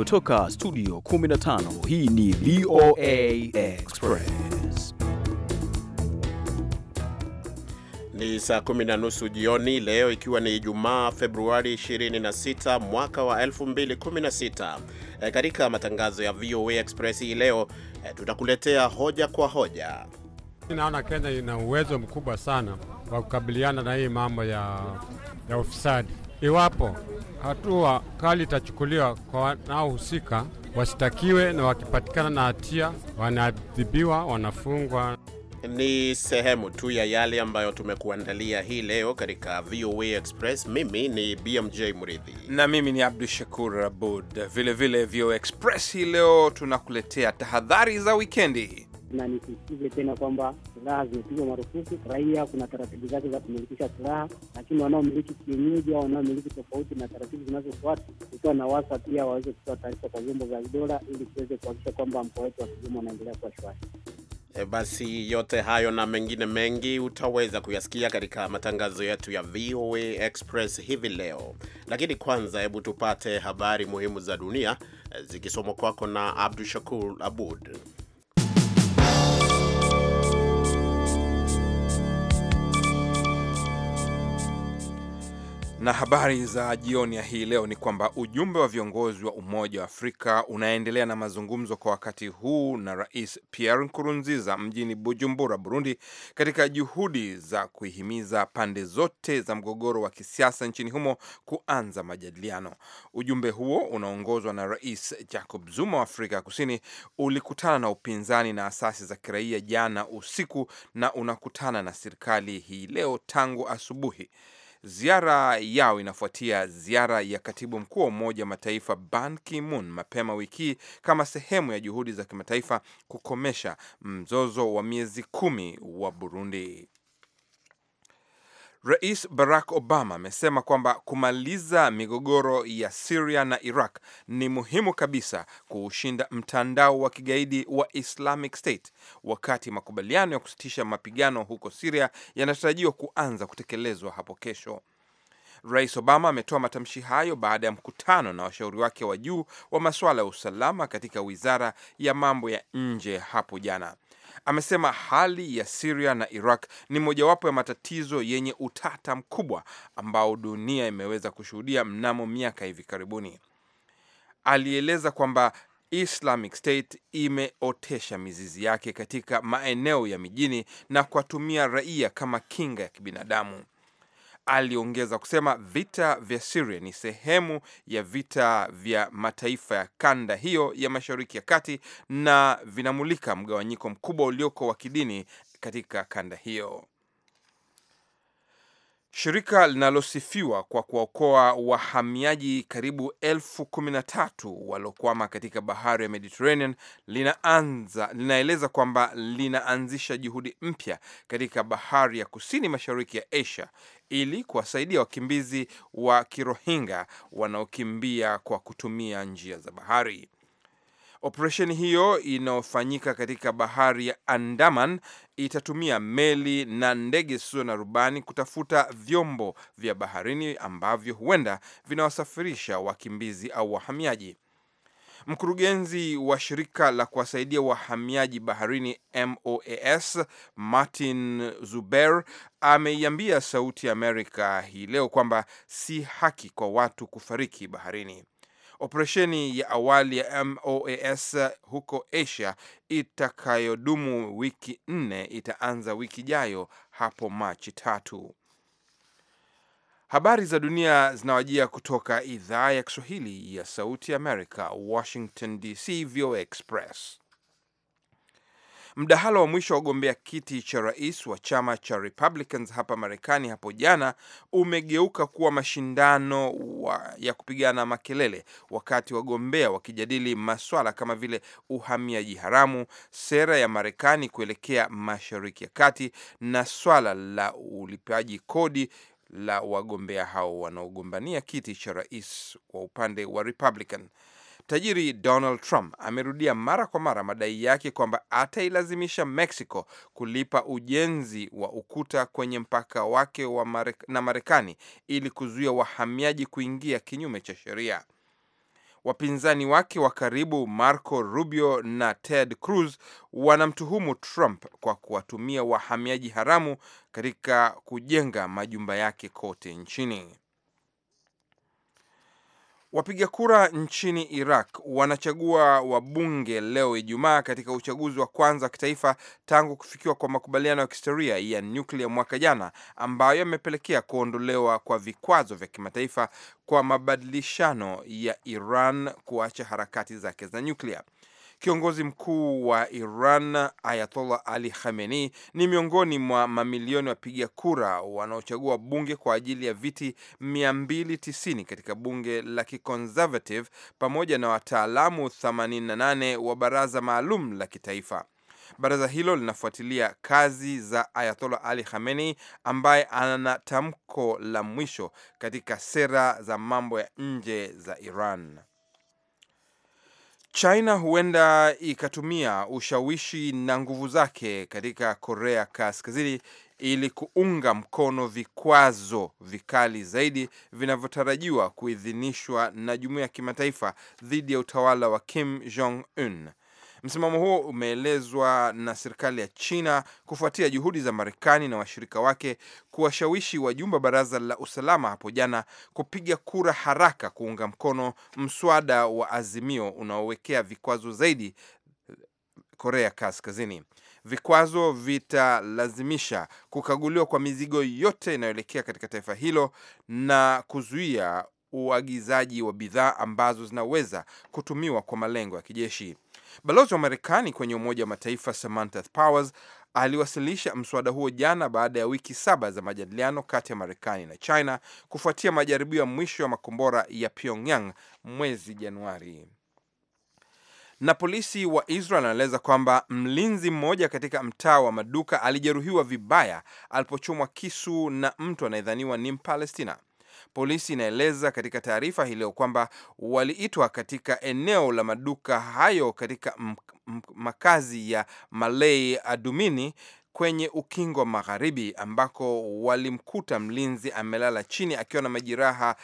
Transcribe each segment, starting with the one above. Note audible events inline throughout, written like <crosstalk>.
Kutoka studio 15 hii ni VOA Express. Ni saa kumi na nusu jioni leo, ikiwa ni Ijumaa Februari 26 mwaka wa 2016. E, katika matangazo ya VOA Express hii leo e, tutakuletea hoja kwa hoja. Naona Kenya ina uwezo mkubwa sana wa kukabiliana na hii mambo ya, ya ufisadi Iwapo hatua kali itachukuliwa kwa wanaohusika, washtakiwe na wakipatikana na hatia wanaadhibiwa, wanafungwa. Ni sehemu tu ya yale ambayo tumekuandalia hii leo katika VOA Express. Mimi ni BMJ Mridhi na mimi ni Abdu Shakur Abud. Vilevile VOA Express hii leo tunakuletea tahadhari za wikendi na nisisitize tena kwamba silaha zimepigwa marufuku. Raia kuna taratibu zake za kumilikisha silaha, lakini wanaomiliki kienyeji au wanaomiliki tofauti na taratibu zinazofuata, ukiwa na wasa pia waweze kutoa taarifa kwa vyombo vya dola ili tuweze kuhakikisha kwamba mkoa wetu wa Kigoma unaendelea kuwa shwari. E, basi yote hayo na mengine mengi utaweza kuyasikia katika matangazo yetu ya VOA Express hivi leo, lakini kwanza, hebu tupate habari muhimu za dunia e, zikisomwa kwako na Abdu Shakur Abud. Na habari za jioni ya hii leo ni kwamba ujumbe wa viongozi wa Umoja wa Afrika unaendelea na mazungumzo kwa wakati huu na Rais Pierre Nkurunziza mjini Bujumbura, Burundi, katika juhudi za kuihimiza pande zote za mgogoro wa kisiasa nchini humo kuanza majadiliano. Ujumbe huo unaongozwa na Rais Jacob Zuma wa Afrika Kusini ulikutana na upinzani na asasi za kiraia jana usiku na unakutana na serikali hii leo tangu asubuhi. Ziara yao inafuatia ziara ya katibu mkuu wa Umoja wa Mataifa Ban Ki-moon mapema wiki hii kama sehemu ya juhudi za kimataifa kukomesha mzozo wa miezi kumi wa Burundi. Rais Barack Obama amesema kwamba kumaliza migogoro ya siria na Iraq ni muhimu kabisa kuushinda mtandao wa kigaidi wa Islamic State, wakati makubaliano ya kusitisha mapigano huko siria yanatarajiwa kuanza kutekelezwa hapo kesho. Rais Obama ametoa matamshi hayo baada ya mkutano na washauri wake wa juu wa masuala ya usalama katika wizara ya mambo ya nje hapo jana amesema hali ya Siria na Iraq ni mojawapo ya matatizo yenye utata mkubwa ambao dunia imeweza kushuhudia mnamo miaka hivi karibuni. Alieleza kwamba Islamic State imeotesha mizizi yake katika maeneo ya mijini na kuwatumia raia kama kinga ya kibinadamu aliongeza kusema vita vya Syria ni sehemu ya vita vya mataifa ya kanda hiyo ya Mashariki ya Kati na vinamulika mgawanyiko mkubwa ulioko wa kidini katika kanda hiyo. Shirika linalosifiwa kwa kuwaokoa wahamiaji karibu elfu kumi na tatu waliokwama katika bahari ya Mediterranean linaanza linaeleza kwamba linaanzisha juhudi mpya katika bahari ya kusini mashariki ya Asia ili kuwasaidia wakimbizi wa kirohinga wanaokimbia kwa kutumia njia za bahari. Operesheni hiyo inayofanyika katika bahari ya Andaman itatumia meli na ndege zisizo na rubani kutafuta vyombo vya baharini ambavyo huenda vinawasafirisha wakimbizi au wahamiaji. Mkurugenzi wa shirika la kuwasaidia wahamiaji baharini MOAS Martin Zuber ameiambia Sauti ya Amerika hii leo kwamba si haki kwa watu kufariki baharini. Operesheni ya awali ya MOAS huko Asia itakayodumu wiki nne itaanza wiki ijayo hapo Machi tatu. Habari za dunia zinawajia kutoka idhaa ya Kiswahili ya Sauti Amerika, Washington DC, VOA Express. Mdahalo wa mwisho wa ugombea kiti cha rais wa chama cha Republicans hapa Marekani hapo jana umegeuka kuwa mashindano wa ya kupigana makelele, wakati wagombea wakijadili maswala kama vile uhamiaji haramu, sera ya Marekani kuelekea Mashariki ya Kati na swala la ulipaji kodi la wagombea hao wanaogombania kiti cha rais wa upande wa Republican. Tajiri Donald Trump amerudia mara kwa mara madai yake kwamba atailazimisha Mexico kulipa ujenzi wa ukuta kwenye mpaka wake wa mare, na Marekani ili kuzuia wahamiaji kuingia kinyume cha sheria. Wapinzani wake wa karibu Marco Rubio na Ted Cruz wanamtuhumu Trump kwa kuwatumia wahamiaji haramu katika kujenga majumba yake kote nchini. Wapiga kura nchini Iraq wanachagua wabunge leo Ijumaa katika uchaguzi wa kwanza wa kitaifa tangu kufikiwa kwa makubaliano ya kihistoria ya nyuklia mwaka jana ambayo yamepelekea kuondolewa kwa vikwazo vya kimataifa kwa mabadilishano ya Iran kuacha harakati zake za nyuklia. Kiongozi mkuu wa Iran Ayatollah Ali Khamenei ni miongoni mwa mamilioni wapiga kura wanaochagua bunge kwa ajili ya viti 290 katika bunge la kiconservative pamoja na wataalamu 88 wa baraza maalum la kitaifa. Baraza hilo linafuatilia kazi za Ayatollah Ali Khamenei ambaye ana tamko la mwisho katika sera za mambo ya nje za Iran. China huenda ikatumia ushawishi na nguvu zake katika Korea Kaskazini ili kuunga mkono vikwazo vikali zaidi vinavyotarajiwa kuidhinishwa na jumuiya ya kimataifa dhidi ya utawala wa Kim Jong Un. Msimamo huo umeelezwa na serikali ya China kufuatia juhudi za Marekani na washirika wake kuwashawishi wajumbe wa baraza la usalama hapo jana kupiga kura haraka kuunga mkono mswada wa azimio unaowekea vikwazo zaidi Korea Kaskazini. Vikwazo vitalazimisha kukaguliwa kwa mizigo yote inayoelekea katika taifa hilo na kuzuia uagizaji wa bidhaa ambazo zinaweza kutumiwa kwa malengo ya kijeshi. Balozi wa Marekani kwenye Umoja wa Mataifa Samantha Powers aliwasilisha mswada huo jana baada ya wiki saba za majadiliano kati ya Marekani na China kufuatia majaribio ya mwisho ya makombora ya Pyongyang mwezi Januari. Na polisi wa Israel anaeleza kwamba mlinzi mmoja katika mtaa wa maduka alijeruhiwa vibaya alipochomwa kisu na mtu anayedhaniwa ni Mpalestina. Polisi inaeleza katika taarifa hii leo kwamba waliitwa katika eneo la maduka hayo katika makazi ya Malay Adumini kwenye ukingo wa magharibi ambako walimkuta mlinzi amelala chini akiwa na majeraha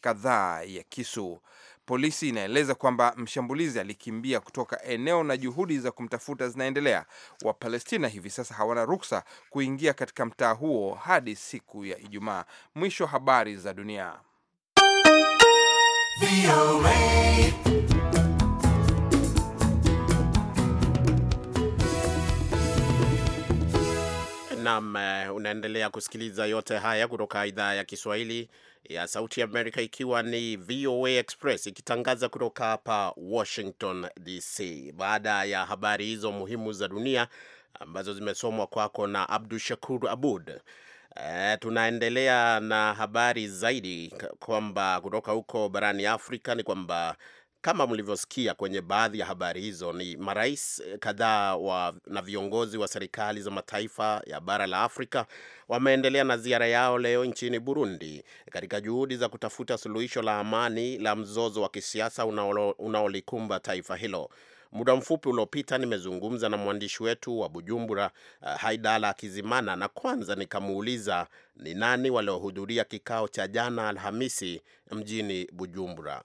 kadhaa ya kisu. Polisi inaeleza kwamba mshambulizi alikimbia kutoka eneo na juhudi za kumtafuta zinaendelea. Wapalestina hivi sasa hawana ruksa kuingia katika mtaa huo hadi siku ya Ijumaa. Mwisho habari za dunia. Naam, eh, unaendelea kusikiliza yote haya kutoka idhaa ya Kiswahili ya Sauti ya Amerika, ikiwa ni VOA Express ikitangaza kutoka hapa Washington DC. Baada ya habari hizo muhimu za dunia ambazo zimesomwa kwako na Abdu Shakur Abud. E, tunaendelea na habari zaidi kwamba kutoka huko barani Afrika ni kwamba kama mlivyosikia kwenye baadhi ya habari hizo, ni marais eh, kadhaa na viongozi wa serikali za mataifa ya bara la Afrika wameendelea na ziara yao leo nchini Burundi katika juhudi za kutafuta suluhisho la amani la mzozo wa kisiasa unaolikumba taifa hilo. Muda mfupi uliopita nimezungumza na mwandishi wetu wa Bujumbura, uh, Haidala Kizimana, na kwanza nikamuuliza ni nani waliohudhuria kikao cha jana Alhamisi mjini Bujumbura.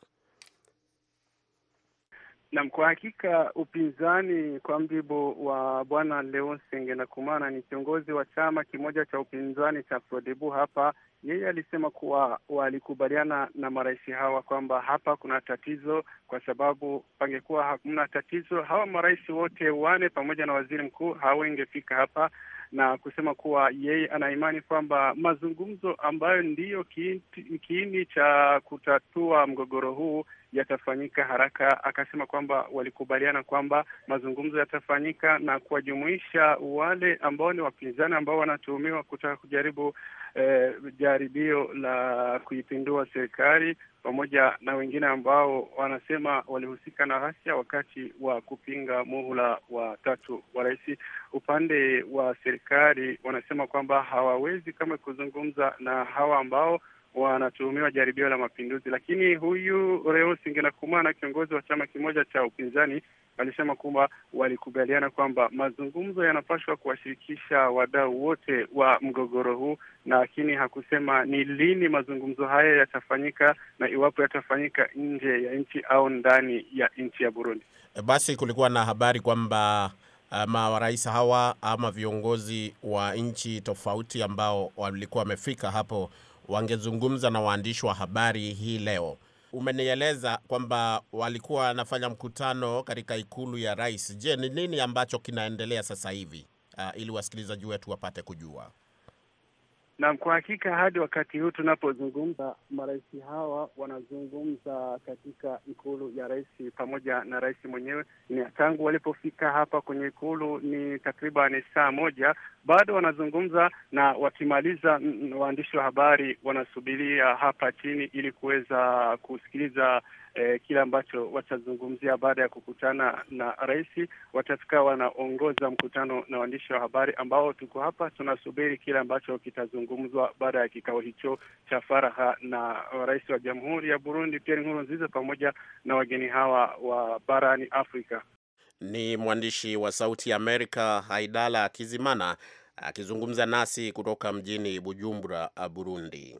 Nam, kwa hakika upinzani kwa mjibu wa bwana Leonsen Kumana ni kiongozi wa chama kimoja cha upinzani cha Prodebu hapa. Yeye alisema kuwa walikubaliana na marais hawa kwamba hapa kuna tatizo, kwa sababu pangekuwa hamna tatizo, hawa marais wote wane pamoja na waziri mkuu hawengefika hapa, na kusema kuwa yeye anaimani kwamba mazungumzo ambayo ndiyo kiini cha kutatua mgogoro huu yatafanyika haraka. Akasema kwamba walikubaliana kwamba mazungumzo yatafanyika na kuwajumuisha wale ambao ni wapinzani ambao wanatuhumiwa kutaka kujaribu eh, jaribio la kuipindua serikali pamoja na wengine ambao wanasema walihusika na ghasia wakati wa kupinga muhula wa tatu wa rais. Upande wa serikali wanasema kwamba hawawezi kama kuzungumza na hawa ambao wanatuhumiwa jaribio la mapinduzi, lakini huyu Reus na kiongozi wa chama kimoja cha upinzani, alisema kwamba walikubaliana kwamba mazungumzo yanapaswa kuwashirikisha wadau wote wa mgogoro huu, lakini hakusema ni lini mazungumzo haya yatafanyika na iwapo yatafanyika nje ya nchi au ndani ya nchi ya Burundi. E, basi kulikuwa na habari kwamba e, marais hawa ama viongozi wa nchi tofauti ambao walikuwa wamefika hapo wangezungumza na waandishi wa habari hii leo. Umenieleza kwamba walikuwa wanafanya mkutano katika ikulu ya rais. Je, ni nini ambacho kinaendelea sasa hivi uh, ili wasikilizaji wetu wapate kujua? Naam, kwa hakika hadi wakati huu tunapozungumza, marais hawa wanazungumza katika ikulu ya rais pamoja na rais mwenyewe. Ni tangu walipofika hapa kwenye ikulu ni takriban saa moja bado wanazungumza na wakimaliza, mm, mm, waandishi wa habari wanasubiria hapa chini ili kuweza kusikiliza eh, kile ambacho watazungumzia baada ya kukutana na rais. Watafika wanaongoza mkutano na waandishi wa habari ambao tuko hapa tunasubiri kile ambacho kitazungumzwa baada ya kikao hicho cha faraha na rais wa Jamhuri ya Burundi Pierre Nkurunziza pamoja na wageni hawa wa barani Afrika ni mwandishi wa Sauti Amerika Haidala Kizimana akizungumza nasi kutoka mjini Bujumbura, Burundi.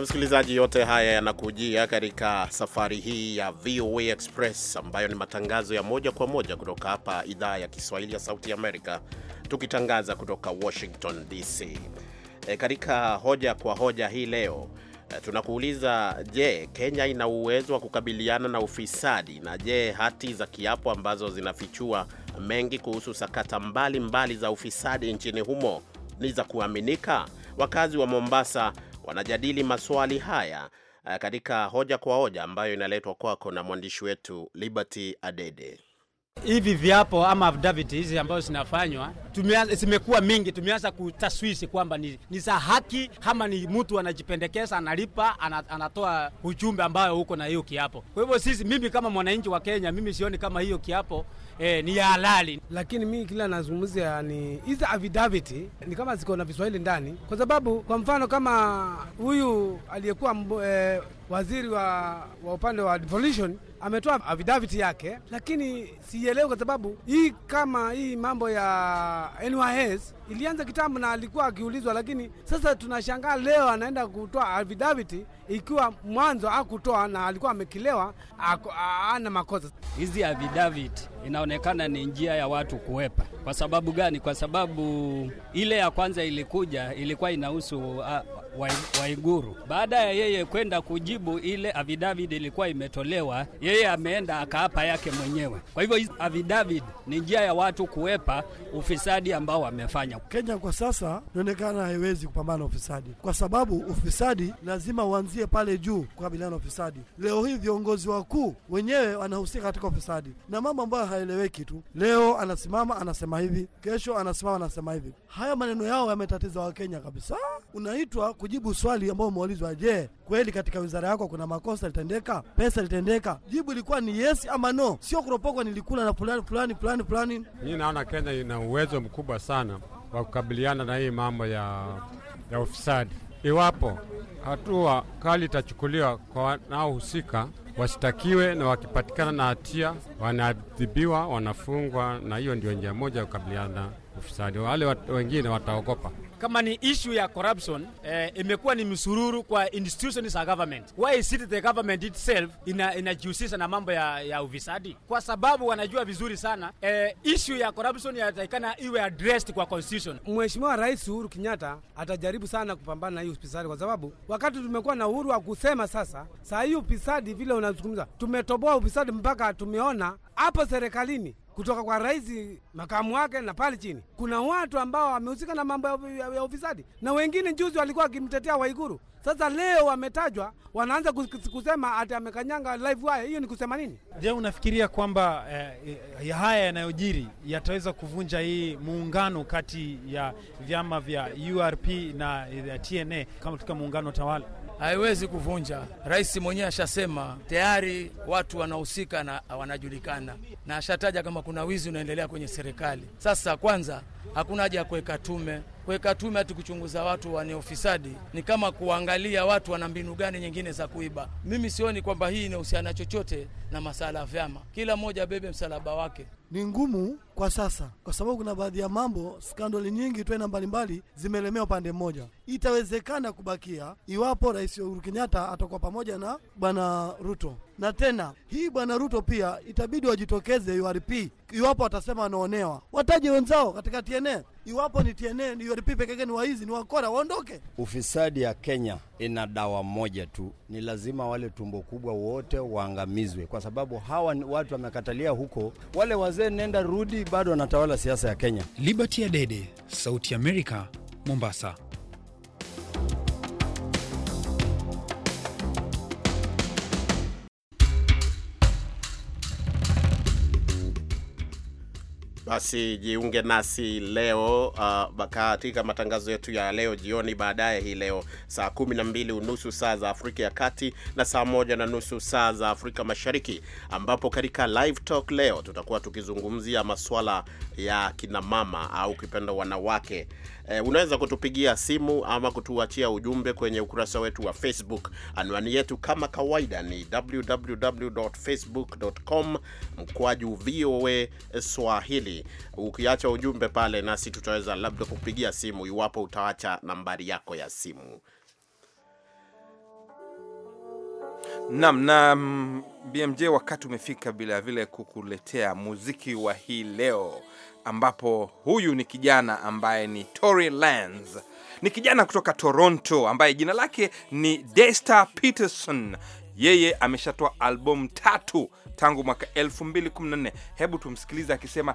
Msikilizaji, yote haya yanakujia katika safari hii ya VOA Express ambayo ni matangazo ya moja kwa moja kutoka hapa idhaa ya Kiswahili ya Sauti Amerika tukitangaza kutoka Washington DC. E, eh, katika hoja kwa hoja hii leo e, tunakuuliza je, Kenya ina uwezo wa kukabiliana na ufisadi na je, hati za kiapo ambazo zinafichua mengi kuhusu sakata mbalimbali mbali za ufisadi nchini humo ni za kuaminika? Wakazi wa Mombasa wanajadili maswali haya eh, katika hoja kwa hoja ambayo inaletwa kwako na mwandishi wetu Liberty Adede hivi viapo ama affidavit hizi ambazo zinafanywa zimekuwa mingi, tumeanza kutaswisi kwamba ni, ni za haki ama ni mtu anajipendekeza analipa anatoa ujumbe ambayo huko na hiyo kiapo. Kwa hivyo sisi, mimi kama mwananchi wa Kenya, mimi sioni kama hiyo kiapo eh, ni ya halali. Lakini mimi kila nazungumzia ni hizi affidavit ni kama ziko na viswahili ndani, kwa sababu kwa mfano kama huyu aliyekuwa eh, waziri wa, wa upande wa devolution ametoa avidaviti yake, lakini sielewi kwa sababu hii kama hii mambo ya NYS ilianza kitambo na alikuwa akiulizwa, lakini sasa tunashangaa leo anaenda kutoa avidaviti ikiwa mwanzo akutoa na alikuwa amekilewa, ana makosa. Hizi affidavit inaonekana ni njia ya watu kuwepa. Kwa sababu gani? Kwa sababu ile ya kwanza ilikuja ilikuwa inahusu Waiguru. Baada ya yeye kwenda kujibu ile avidavid ilikuwa imetolewa, yeye ameenda akaapa yake mwenyewe. Kwa hivyo avidavid ni njia ya watu kuwepa ufisadi ambao wamefanya. Kenya kwa sasa inaonekana haiwezi kupambana na ufisadi, kwa sababu ufisadi lazima uanzie pale juu kukabiliana na ufisadi. Leo hii viongozi wakuu wenyewe wanahusika katika ufisadi na mambo ambayo haeleweki tu. Leo anasimama anasema hivi, kesho anasimama anasema hivi. Haya maneno yao yametatiza Wakenya kabisa. Unaitwa kujibu swali ambayo umeulizwa, je, kweli katika wizara yako kuna makosa yalitendeka, pesa litendeka Jibu ilikuwa ni yes ama no, sio kuropokwa nilikula na fulani fulani fulani fulani. Mimi naona Kenya ina uwezo mkubwa sana wa kukabiliana na hii mambo ya, ya ufisadi. Iwapo hatua kali itachukuliwa kwa wanaohusika, washtakiwe na wakipatikana na hatia wanaadhibiwa, wanafungwa, na hiyo ndio njia moja ya kukabiliana ufisadi, wale wat, wengine wataogopa. Kama ni issue ya corruption eh, imekuwa ni msururu kwa institution za government. Why is it the government itself ina inajihusisha na mambo ya, ya ufisadi? Kwa sababu wanajua vizuri sana eh, issue ya corruption yatakana iwe addressed kwa constitution. Mheshimiwa Rais Uhuru Kenyatta atajaribu sana kupambana na hiyo ufisadi, kwa sababu wakati tumekuwa na uhuru wa kusema sasa, saa hii ufisadi vile unazungumza, tumetoboa ufisadi mpaka tumeona hapo serikalini kutoka kwa rais, makamu wake na pale chini. Kuna watu ambao wamehusika na mambo ya ufisadi, na wengine juzi walikuwa wakimtetea Waiguru, sasa leo wametajwa, wanaanza kusema ati amekanyanga live wire. Hiyo ni kusema nini? Je, unafikiria kwamba eh, eh haya yanayojiri yataweza kuvunja hii muungano kati ya vyama vya URP na eh, ya TNA kama katika muungano tawala? haiwezi kuvunja. Rais mwenyewe ashasema tayari, watu wanahusika na wanajulikana, na ashataja kama kuna wizi unaendelea kwenye serikali. Sasa kwanza, hakuna haja ya kuweka tume Kuweka tume hati kuchunguza watu wane ufisadi ni kama kuangalia watu wana mbinu gani nyingine za kuiba. Mimi sioni kwamba hii inahusiana chochote na masala ya vyama, kila mmoja abebe msalaba wake. Ni ngumu kwa sasa, kwa sababu kuna baadhi ya mambo, skandali nyingi tu aina mbalimbali zimelemea upande mmoja. Itawezekana kubakia iwapo Rais Uhuru Kenyatta atakuwa pamoja na Bwana Ruto. Na tena hii bwana Ruto pia itabidi wajitokeze URP iwapo watasema wanaonewa, wataje wenzao katika TNA. Iwapo ni TNA ni URP peke yake, ni waizi, ni wakora, waondoke. Ufisadi ya Kenya ina dawa moja tu, ni lazima wale tumbo kubwa wote waangamizwe, kwa sababu hawa watu wamekatalia huko, wale wazee nenda rudi, bado wanatawala siasa ya Kenya. Liberty Adede, Sauti America, Mombasa. Basi jiunge nasi leo uh, katika matangazo yetu ya leo jioni, baadaye hii leo saa kumi na mbili unusu saa za Afrika ya Kati na saa moja na nusu saa za Afrika Mashariki, ambapo katika live talk leo tutakuwa tukizungumzia maswala ya kinamama au kipenda wanawake. Eh, unaweza kutupigia simu ama kutuachia ujumbe kwenye ukurasa wetu wa Facebook. Anwani yetu kama kawaida ni www.facebook.com mkwaju VOA Swahili ukiacha ujumbe pale, nasi tutaweza labda kupigia simu iwapo utaacha nambari yako ya simu. Nam na mm, BMJ, wakati umefika bila vile kukuletea muziki wa hii leo, ambapo huyu ni kijana ambaye ni Tory Lanez, ni kijana kutoka Toronto ambaye jina lake ni Desta Peterson. Yeye ameshatoa albamu tatu tangu mwaka 2014. Hebu tumsikilize akisema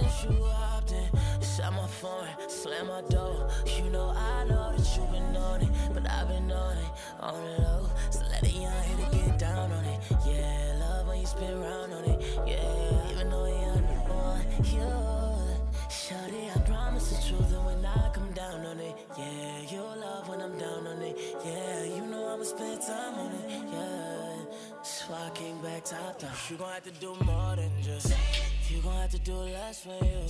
since you hopped in. It's my phone, slam my door. You know I know that you've been on it, but I've been on it on the low. So let a young hitter get down on it. Yeah, love when you spin round on it. Yeah, even though you're not one. you, shawty, I promise the truth, and when I come down on it, yeah, you'll love when I'm down on it. Yeah, you know I'ma spend time on it. Yeah, so I came back top down. You gon' have to do more than just. You gon' have to do less for you.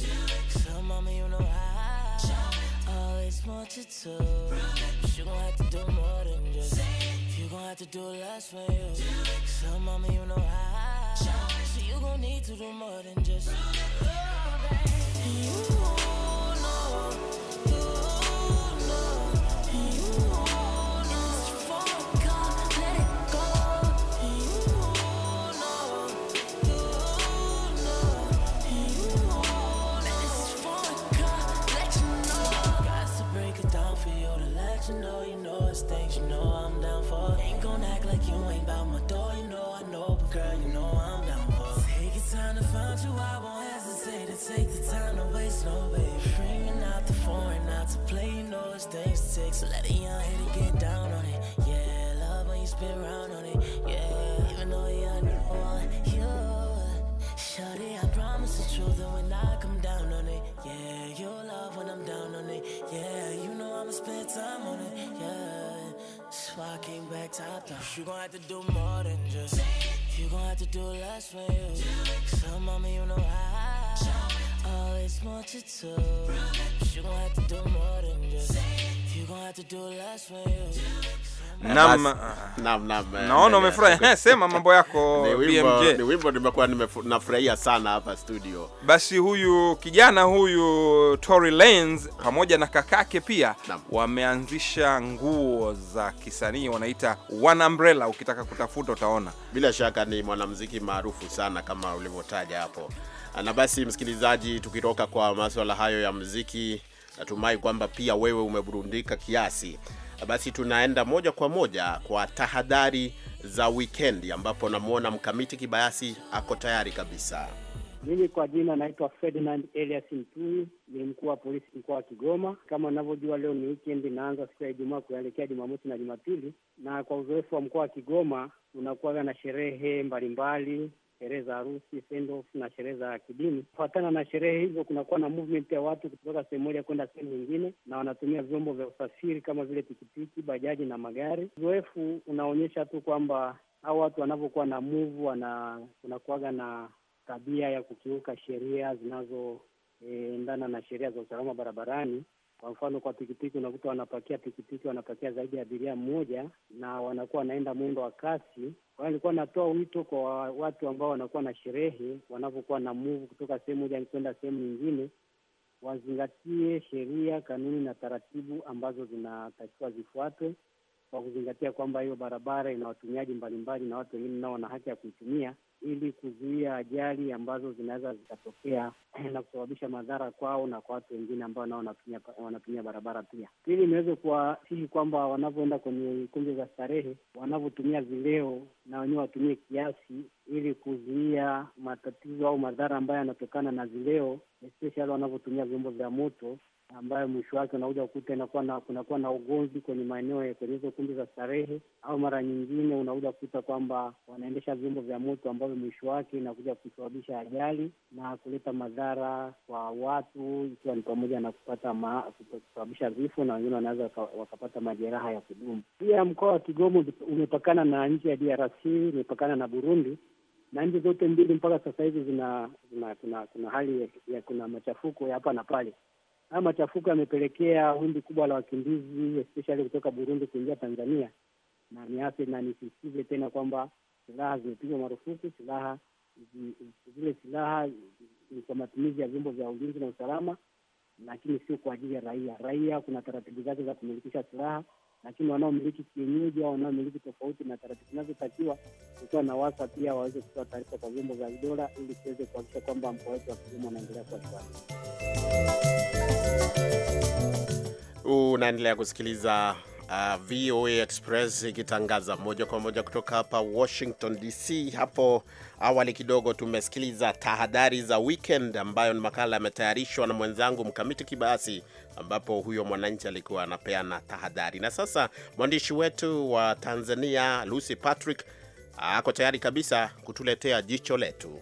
So, mama, you know I always want you to. But you gon' have to do more than just. You gon' have to do less for you. So, mama, you know I. So, you gon' need to do more than just. Oh, baby. You. things, you know I'm down for. Ain't gon' act like you ain't by my door, you know I know, but girl, you know I'm down for. Take your time to find you, I won't hesitate to take the time to waste, no baby. Ringing out the foreign, not to play, you know it's things to take, so let it young hit it. why I came back top down. You gon' have to do more than just. You gon' have to do less for you. So, mommy, you know I always want you to. But you gon' have to do more than just. Nam, nam, nam, eh, naona umefurahi. Eh, sema mambo yako <laughs> wimbo, BMJ. Ni wimbo nimekuwa nafurahia sana hapa studio. Basi huyu kijana huyu Tory Lanez pamoja na kakake pia wameanzisha nguo za kisanii wanaita One Umbrella. Ukitaka kutafuta utaona. Bila shaka ni mwanamuziki maarufu sana kama ulivyotaja hapo, ah, na basi msikilizaji, tukitoka kwa maswala hayo ya muziki Natumai kwamba pia wewe umeburundika kiasi. Basi tunaenda moja kwa moja kwa tahadhari za wikendi, ambapo namwona mkamiti kibayasi ako tayari kabisa. Mimi kwa jina naitwa Ferdinand Elias Mtui, ni mkuu wa polisi mkoa wa Kigoma. Kama unavyojua, leo ni weekend, inaanza siku ya Ijumaa kuelekea Jumamosi na Jumapili, na kwa uzoefu wa mkoa wa Kigoma unakuwaga na sherehe mbalimbali sherehe za harusi, send off na sherehe za kidini. Kufuatana na sherehe hizo, kunakuwa na movement ya watu kutoka sehemu moja kwenda sehemu nyingine, na wanatumia vyombo vya usafiri kama vile pikipiki, bajaji na magari. Uzoefu unaonyesha tu kwamba hao watu wanavyokuwa na move wana kunakuwaga na tabia ya kukiuka sheria zinazoendana e, na sheria za usalama barabarani. Kwa mfano kwa pikipiki, unakuta wanapakia pikipiki, wanapakia zaidi ya abiria mmoja, na wanakuwa wanaenda mwendo wa kasi. Kwa hiyo nilikuwa natoa wito kwa watu ambao wanakuwa na sherehe, wanapokuwa na move kutoka sehemu moja kwenda sehemu nyingine, wazingatie sheria, kanuni na taratibu ambazo zinatakiwa zifuatwe kwa kuzingatia kwamba hiyo barabara ina watumiaji mbalimbali na watu wengine nao wana haki ya kuitumia ili kuzuia ajali ambazo zinaweza zikatokea <clears throat> na kusababisha madhara kwao na kwa watu wengine ambao nao wanatumia barabara pia. Pili, niweze kuwasihi kwamba wanavyoenda kwenye kumbi za starehe, wanavyotumia vileo, na wenyewe watumie kiasi, ili kuzuia matatizo au madhara ambayo yanatokana na vileo, especially wanavyotumia vyombo vya moto ambayo mwisho wake unakuja kukuta inakuwa na kunakuwa na ugomvi kwenye maeneo kwenye hizo kumbi za starehe, au mara nyingine unakuja kukuta kwamba wanaendesha vyombo vya moto ambavyo mwisho wake inakuja kusababisha ajali na kuleta madhara kwa watu, ikiwa ni pamoja na kupata kusababisha vifo na wengine wanaweza wakapata majeraha ya kudumu. Pia mkoa wa Kigoma umepakana na nchi ya DRC, umepakana na Burundi na nchi zote mbili mpaka sasa hivi zina kuna hali ya kuna machafuko ya hapa na pale haya machafuko yamepelekea wimbi kubwa la wakimbizi especially kutoka Burundi kuingia Tanzania, na niase na nisisitize tena kwamba silaha zimepigwa marufuku, silaha zile silaha ni kwa matumizi ya vyombo vya ulinzi na usalama, lakini sio kwa ajili ya raia. Raia kuna taratibu zake za kumilikisha silaha lakini wanaomiliki kienyeji au wanaomiliki tofauti na taratibu zinazotakiwa, kukiwa na wasa pia waweze kutoa taarifa kwa vyombo vya dola ili tuweze kuhakikisha kwamba mkoa wetu wa kilimo unaendelea kuwa shwari. Unaendelea kusikiliza Uh, ah, VOA Express ikitangaza moja kwa moja kutoka hapa Washington DC. Hapo awali kidogo tumesikiliza tahadhari za weekend, ambayo ni makala yametayarishwa na mwenzangu Mkamiti Kibasi, ambapo huyo mwananchi alikuwa anapeana tahadhari. Na sasa mwandishi wetu wa Tanzania Lucy Patrick ako tayari kabisa kutuletea jicho letu.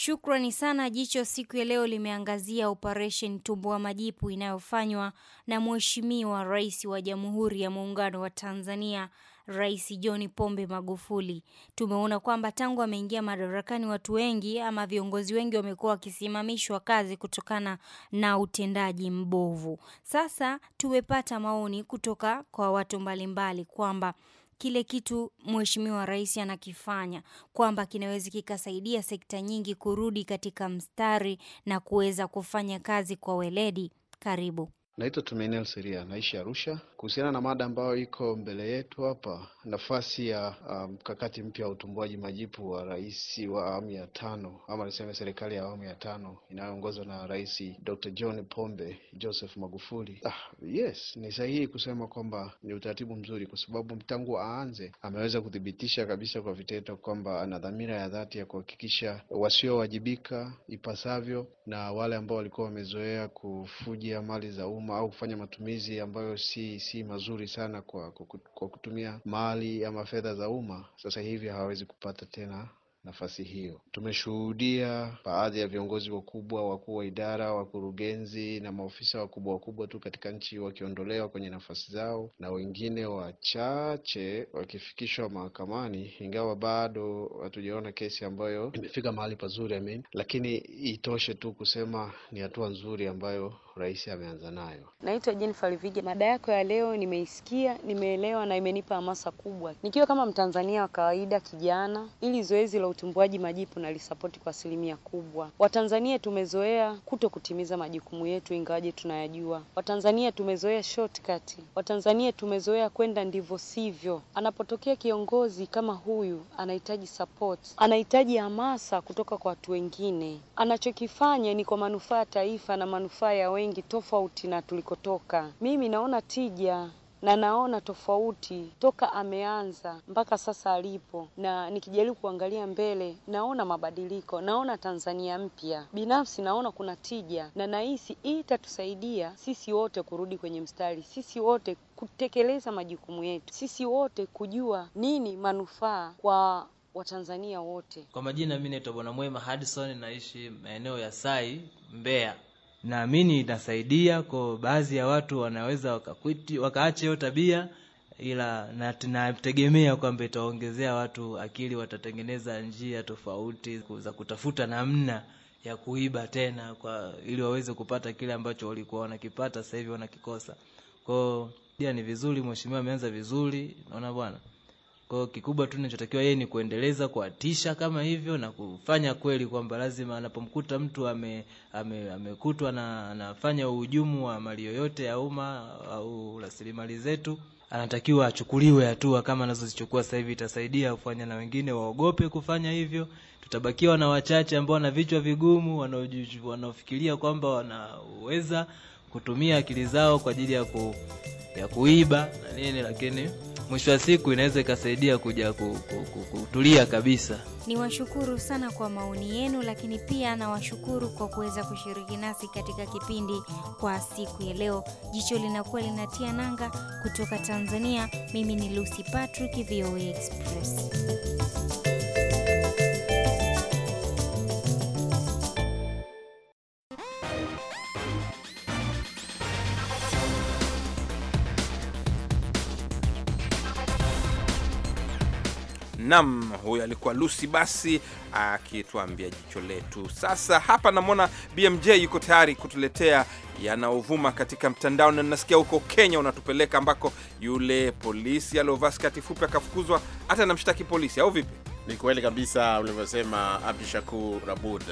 Shukrani sana. Jicho siku ya leo limeangazia operesheni tumbua majipu inayofanywa na Mheshimiwa Rais wa Jamhuri ya Muungano wa Tanzania, Rais John Pombe Magufuli. Tumeona kwamba tangu ameingia madarakani, watu wengi ama viongozi wengi wamekuwa wakisimamishwa kazi kutokana na utendaji mbovu. Sasa tumepata maoni kutoka kwa watu mbalimbali kwamba kile kitu mheshimiwa rais anakifanya kwamba kinaweza kikasaidia sekta nyingi kurudi katika mstari na kuweza kufanya kazi kwa weledi. Karibu. Naitwa Tumaini seria naishi Arusha. Kuhusiana na mada ambayo iko mbele yetu hapa, nafasi ya um, mkakati um, mpya wa utumbuaji majipu wa rais wa awamu ya tano ama niseme serikali ya awamu ya tano inayoongozwa na Rais Dr. John Pombe Joseph Magufuli. Ah, yes, ni sahihi kusema kwamba ni utaratibu mzuri, kwa sababu tangu aanze ameweza kuthibitisha kabisa kwa vitendo kwamba ana dhamira ya dhati ya kuhakikisha wasiowajibika ipasavyo na wale ambao walikuwa wamezoea kufujia mali za umma au kufanya matumizi ambayo si si mazuri sana kwa, kwa kutumia mali ama fedha za umma, sasa hivi hawawezi kupata tena nafasi hiyo. Tumeshuhudia baadhi ya viongozi wakubwa, wakuu wa idara, wakurugenzi na maofisa wakubwa wakubwa tu katika nchi wakiondolewa kwenye nafasi zao na wengine wachache wakifikishwa mahakamani, ingawa bado hatujaona kesi ambayo imefika mahali pazuri. I mean, lakini itoshe tu kusema ni hatua nzuri ambayo kufurahisha ameanza nayo. Naitwa Jennifer Livige. Mada yako ya leo nimeisikia, nimeelewa na imenipa hamasa kubwa. Nikiwa kama Mtanzania wa kawaida kijana, ili zoezi la utumbuaji majipu nalisapoti kwa asilimia kubwa. Watanzania tumezoea kuto kutimiza majukumu yetu ingawaje tunayajua. Watanzania tumezoea shortcut. Watanzania tumezoea kwenda ndivyo sivyo. Anapotokea kiongozi kama huyu anahitaji support, anahitaji hamasa kutoka kwa watu wengine. Anachokifanya ni kwa manufaa ya taifa na manufaa ya wengi mengi tofauti na tulikotoka. Mimi naona tija na naona tofauti toka ameanza mpaka sasa alipo, na nikijaribu kuangalia mbele, naona mabadiliko, naona Tanzania mpya. Binafsi naona kuna tija, na nahisi hii itatusaidia sisi wote kurudi kwenye mstari, sisi wote kutekeleza majukumu yetu, sisi wote kujua nini manufaa kwa Watanzania wote. Kwa majina, mimi naitwa Bwana Mwema Hudson, naishi maeneo ya Sai, Mbeya naamini itasaidia kwa baadhi ya watu wanaweza wakakwiti wakaache hiyo tabia ila nategemea kwamba itaongezea watu akili, watatengeneza njia tofauti za kutafuta namna ya kuiba tena kwa ili waweze kupata kile ambacho walikuwa wanakipata, sasa hivi wanakikosa. Kwa hiyo ni vizuri, mheshimiwa ameanza vizuri, naona bwana. Kwa kikubwa tu ninachotakiwa yeye ni kuendeleza kuatisha kama hivyo na kufanya kweli kwamba lazima anapomkuta mtu ame, ame, amekutwa na anafanya uhujumu wa mali yoyote ya umma au rasilimali zetu anatakiwa achukuliwe hatua kama anazozichukua sasa hivi. Itasaidia kufanya na wengine waogope kufanya hivyo. Tutabakiwa na wachache ambao wana vichwa vigumu, wanaofikiria kwamba wanaweza kutumia akili zao kwa ajili ya, ku, ya kuiba na nini, lakini mwisho wa siku inaweza ikasaidia kuja kutulia kabisa. Niwashukuru sana kwa maoni yenu, lakini pia nawashukuru kwa kuweza kushiriki nasi katika kipindi kwa siku ya leo. Jicho linakuwa linatia nanga kutoka Tanzania. Mimi ni Lucy Patrick, VOA Express. Nam, huyo alikuwa Lucy basi akituambia jicho letu. Sasa hapa namwona BMJ yuko tayari kutuletea yanaovuma katika mtandao, na nasikia huko Kenya unatupeleka ambako yule polisi aliovaa skati fupi akafukuzwa, hata mshtaki polisi, au vipi? Ni kweli kabisa ulivyosema Abdu Shakur Abud.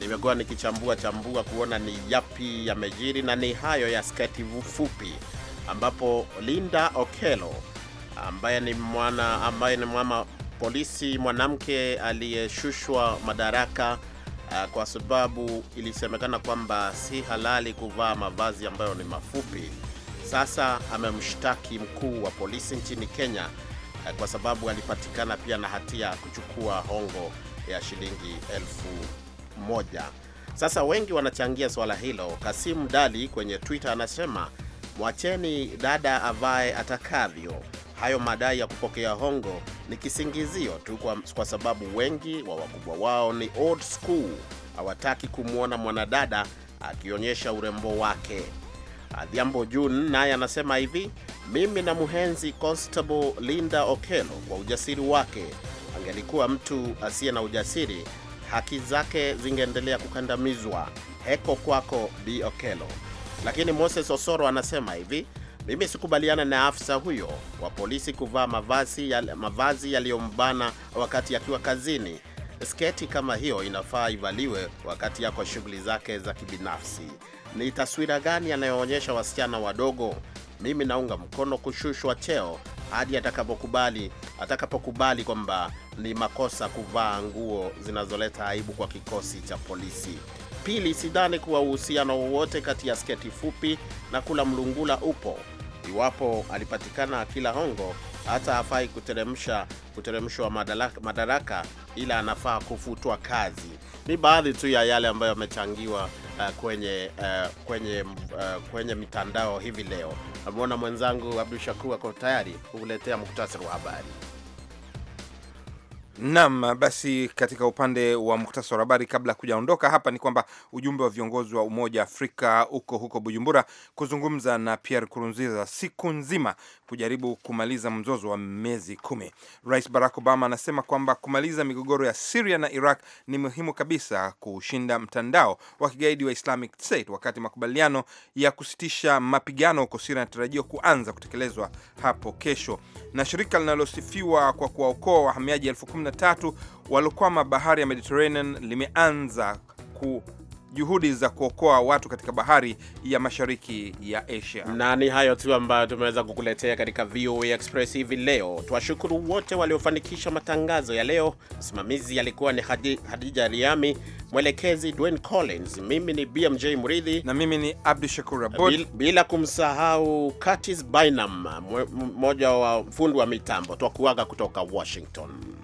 Nimekuwa nikichambua chambua kuona ni yapi yamejiri, na ni hayo ya skati fupi ambapo Linda Okelo ambaye ni mwana ambaye ni mama polisi mwanamke aliyeshushwa madaraka uh, kwa sababu ilisemekana kwamba si halali kuvaa mavazi ambayo ni mafupi. Sasa amemshtaki mkuu wa polisi nchini Kenya uh, kwa sababu alipatikana pia na hatia kuchukua hongo ya shilingi elfu moja. Sasa wengi wanachangia swala hilo. Kasim Dali kwenye Twitter anasema mwacheni dada avae atakavyo Hayo madai ya kupokea hongo ni kisingizio tu kwa, kwa sababu wengi wa wakubwa wao ni old school, hawataki kumwona mwanadada akionyesha urembo wake. Adhiambo jun naye anasema hivi, mimi na muhenzi Constable Linda Okelo kwa ujasiri wake. Angelikuwa mtu asiye na ujasiri, haki zake zingeendelea kukandamizwa. Heko kwako b Okelo. Lakini Moses Osoro anasema hivi mimi sikubaliana na afisa huyo wa polisi kuvaa mavazi yaliyombana wakati akiwa kazini. Sketi kama hiyo inafaa ivaliwe wakati yako shughuli zake za kibinafsi. Ni taswira gani yanayoonyesha wasichana wadogo? Mimi naunga mkono kushushwa cheo hadi atakapokubali atakapokubali kwamba ni makosa kuvaa nguo zinazoleta aibu kwa kikosi cha polisi. Pili, sidhani kuwa uhusiano wowote kati ya sketi fupi na kula mlungula upo iwapo alipatikana kila hongo hata hafai kuteremsha kuteremshwa madaraka, madaraka ila anafaa kufutwa kazi. Ni baadhi tu ya yale ambayo yamechangiwa uh, kwenye uh, kwenye uh, kwenye mitandao hivi leo. Namwona mwenzangu abdu Shakur ako tayari kukuletea muktasari wa habari. Naam, basi katika upande wa muhtasari wa habari, kabla ya kujaondoka hapa, ni kwamba ujumbe wa viongozi wa Umoja Afrika uko huko Bujumbura kuzungumza na Pierre Kurunziza siku nzima kujaribu kumaliza mzozo wa miezi kumi. Rais Barack Obama anasema kwamba kumaliza migogoro ya Syria na Iraq ni muhimu kabisa kushinda mtandao wa kigaidi wa Islamic State, wakati makubaliano ya kusitisha mapigano huko Syria yanatarajiwa kuanza kutekelezwa hapo kesho. Na shirika linalosifiwa kwa kuwaokoa wahamiaji elfu kumi 13 waliokwama bahari ya Mediterranean limeanza ku juhudi za kuokoa watu katika bahari ya mashariki ya Asia. Na ni hayo tu ambayo tumeweza kukuletea katika VOA Express hivi leo. Tuwashukuru wote waliofanikisha matangazo ya leo. Msimamizi alikuwa ni Hadija Riami, mwelekezi Dwayne Collins, mimi ni BMJ Muridhi na mimi ni Abdu Shakur Abud, bila kumsahau Curtis Bynum, mmoja wa fundi wa mitambo. Twakuaga kutoka Washington.